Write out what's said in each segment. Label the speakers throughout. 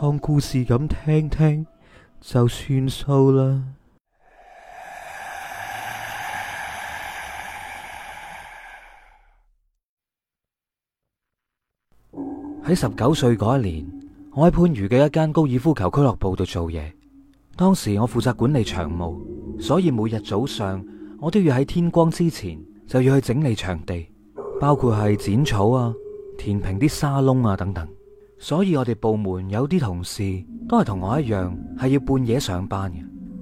Speaker 1: 當故事咁聽聽就算數啦。喺十九歲嗰一年，我喺番禺嘅一間高爾夫球俱樂部度做嘢。當時我負責管理場務，所以每日早上我都要喺天光之前就要去整理場地，包括係剪草啊、填平啲沙窿啊等等。所以我哋部門有啲同事都係同我一樣，係要半夜上班嘅。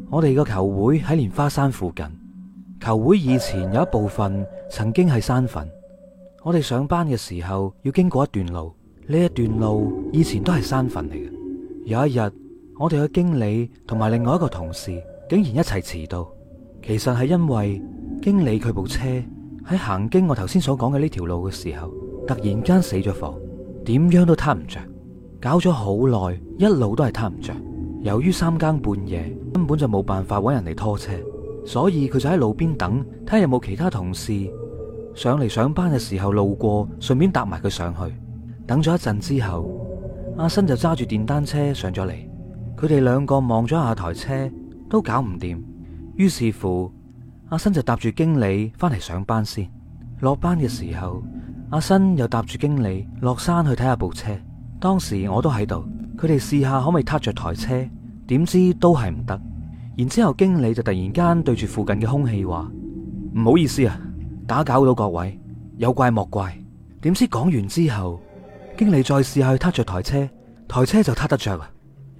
Speaker 1: 我哋個球會喺蓮花山附近，球會以前有一部分曾經係山墳。我哋上班嘅時候要經過一段路，呢一段路以前都係山墳嚟嘅。有一日，我哋嘅經理同埋另外一個同事竟然一齊遲到，其實係因為經理佢部車喺行經我頭先所講嘅呢條路嘅時候，突然間死咗火。點樣都撻唔着，搞咗好耐，一路都係撻唔着。由於三更半夜根本就冇辦法揾人嚟拖車，所以佢就喺路邊等，睇下有冇其他同事上嚟上班嘅時候路過，順便搭埋佢上去。等咗一陣之後，阿新就揸住電單車上咗嚟。佢哋兩個望咗下台車，都搞唔掂。於是乎，阿新就搭住經理返嚟上班先。落班嘅時候，阿新又搭住經理落山去睇下部車，當時我都喺度，佢哋試下可唔可以撻着台車，點知都係唔得。然之後經理就突然間對住附近嘅空氣話：唔好意思啊，打攪到各位，有怪莫怪。點知講完之後，經理再試下去撻着台車，台車就撻得着啊。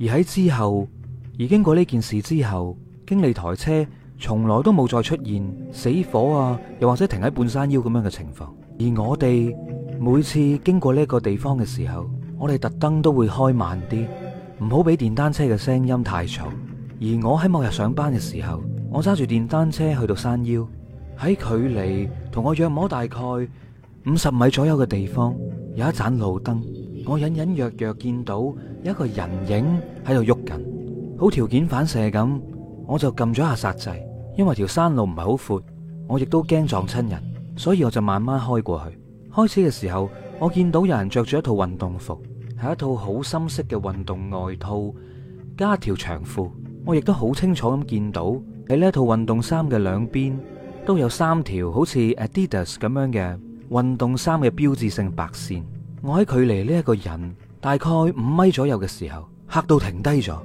Speaker 1: 而喺之後，而經過呢件事之後，經理台車從來都冇再出現死火啊，又或者停喺半山腰咁樣嘅情況。而我哋每次經過呢個地方嘅時候，我哋特登都會開慢啲，唔好俾電單車嘅聲音太嘈。而我喺某日上班嘅時候，我揸住電單車去到山腰，喺距離同我約摸大概五十米左右嘅地方，有一盞路燈，我隱隱約約見到有一個人影喺度喐緊，好條件反射咁，我就撳咗下剎掣。因為條山路唔係好闊，我亦都驚撞親人。所以我就慢慢開過去。開始嘅時候，我見到有人着住一套運動服，係一套好深色嘅運動外套加條長褲。我亦都好清楚咁見到喺呢一套運動衫嘅兩邊都有三條好似 Adidas 咁樣嘅運動衫嘅標誌性白線。我喺距離呢一個人大概五米左右嘅時候，嚇到停低咗，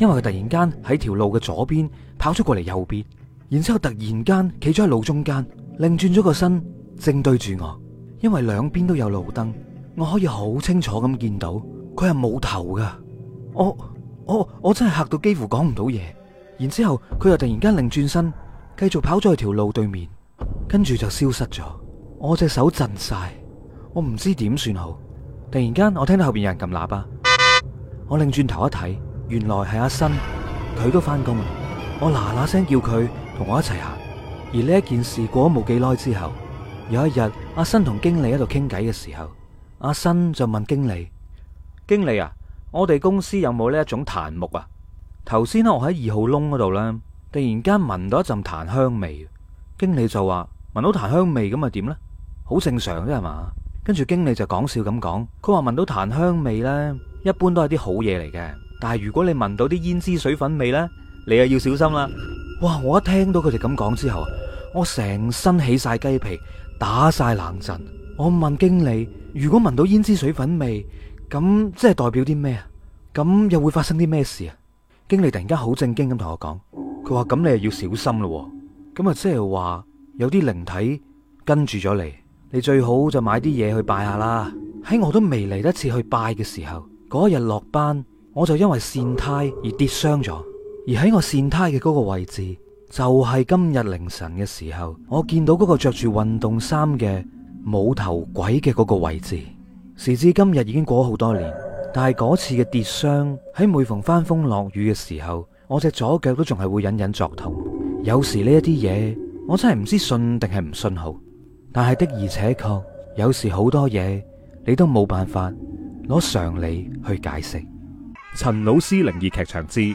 Speaker 1: 因為佢突然間喺條路嘅左邊跑出過嚟右邊，然之後突然間企咗喺路中間。擰轉咗個身，正對住我，因為兩邊都有路燈，我可以好清楚咁見到佢係冇頭噶。我我我真係嚇到幾乎講唔到嘢。然之後佢又突然間擰轉身，繼續跑咗去條路對面，跟住就消失咗。我隻手震晒，我唔知點算好。突然間我聽到後邊有人撳喇叭，我擰轉頭一睇，原來係阿新，佢都翻工。我嗱嗱聲叫佢同我一齊行。而呢一件事過咗冇幾耐之後，有一日阿新同經理喺度傾偈嘅時候，阿新就問經理：經理啊，我哋公司有冇呢一種檀木啊？頭先啦，我喺二號窿嗰度咧，突然間聞到一陣檀香味。經理就話：聞到檀香味咁啊點呢？好正常啫，係嘛？跟住經理就講笑咁講，佢話聞到檀香味咧，一般都係啲好嘢嚟嘅。但係如果你聞到啲胭脂水粉味咧，你又要小心啦。哇！我一聽到佢哋咁講之後，我成身起晒雞皮，打晒冷震。我問經理：如果聞到胭脂水粉味，咁即係代表啲咩啊？咁又會發生啲咩事啊？經理突然間好正經咁同我講：佢話咁你又要小心咯，咁啊即係話有啲靈體跟住咗你，你最好就買啲嘢去拜下啦。喺我都未嚟得切去拜嘅時候，嗰日落班我就因為跣胎而跌傷咗。而喺我跣胎嘅嗰個位置，就係今日凌晨嘅時候，我見到嗰個着住運動衫嘅冇頭鬼嘅嗰個位置。時至今日已經過好多年，但係嗰次嘅跌傷，喺每逢翻風落雨嘅時候，我隻左腳都仲係會隱隱作痛。有時呢一啲嘢，我真係唔知信定係唔信好。但係的而且確，有時好多嘢你都冇辦法攞常理去解釋。陳老師靈異劇場之。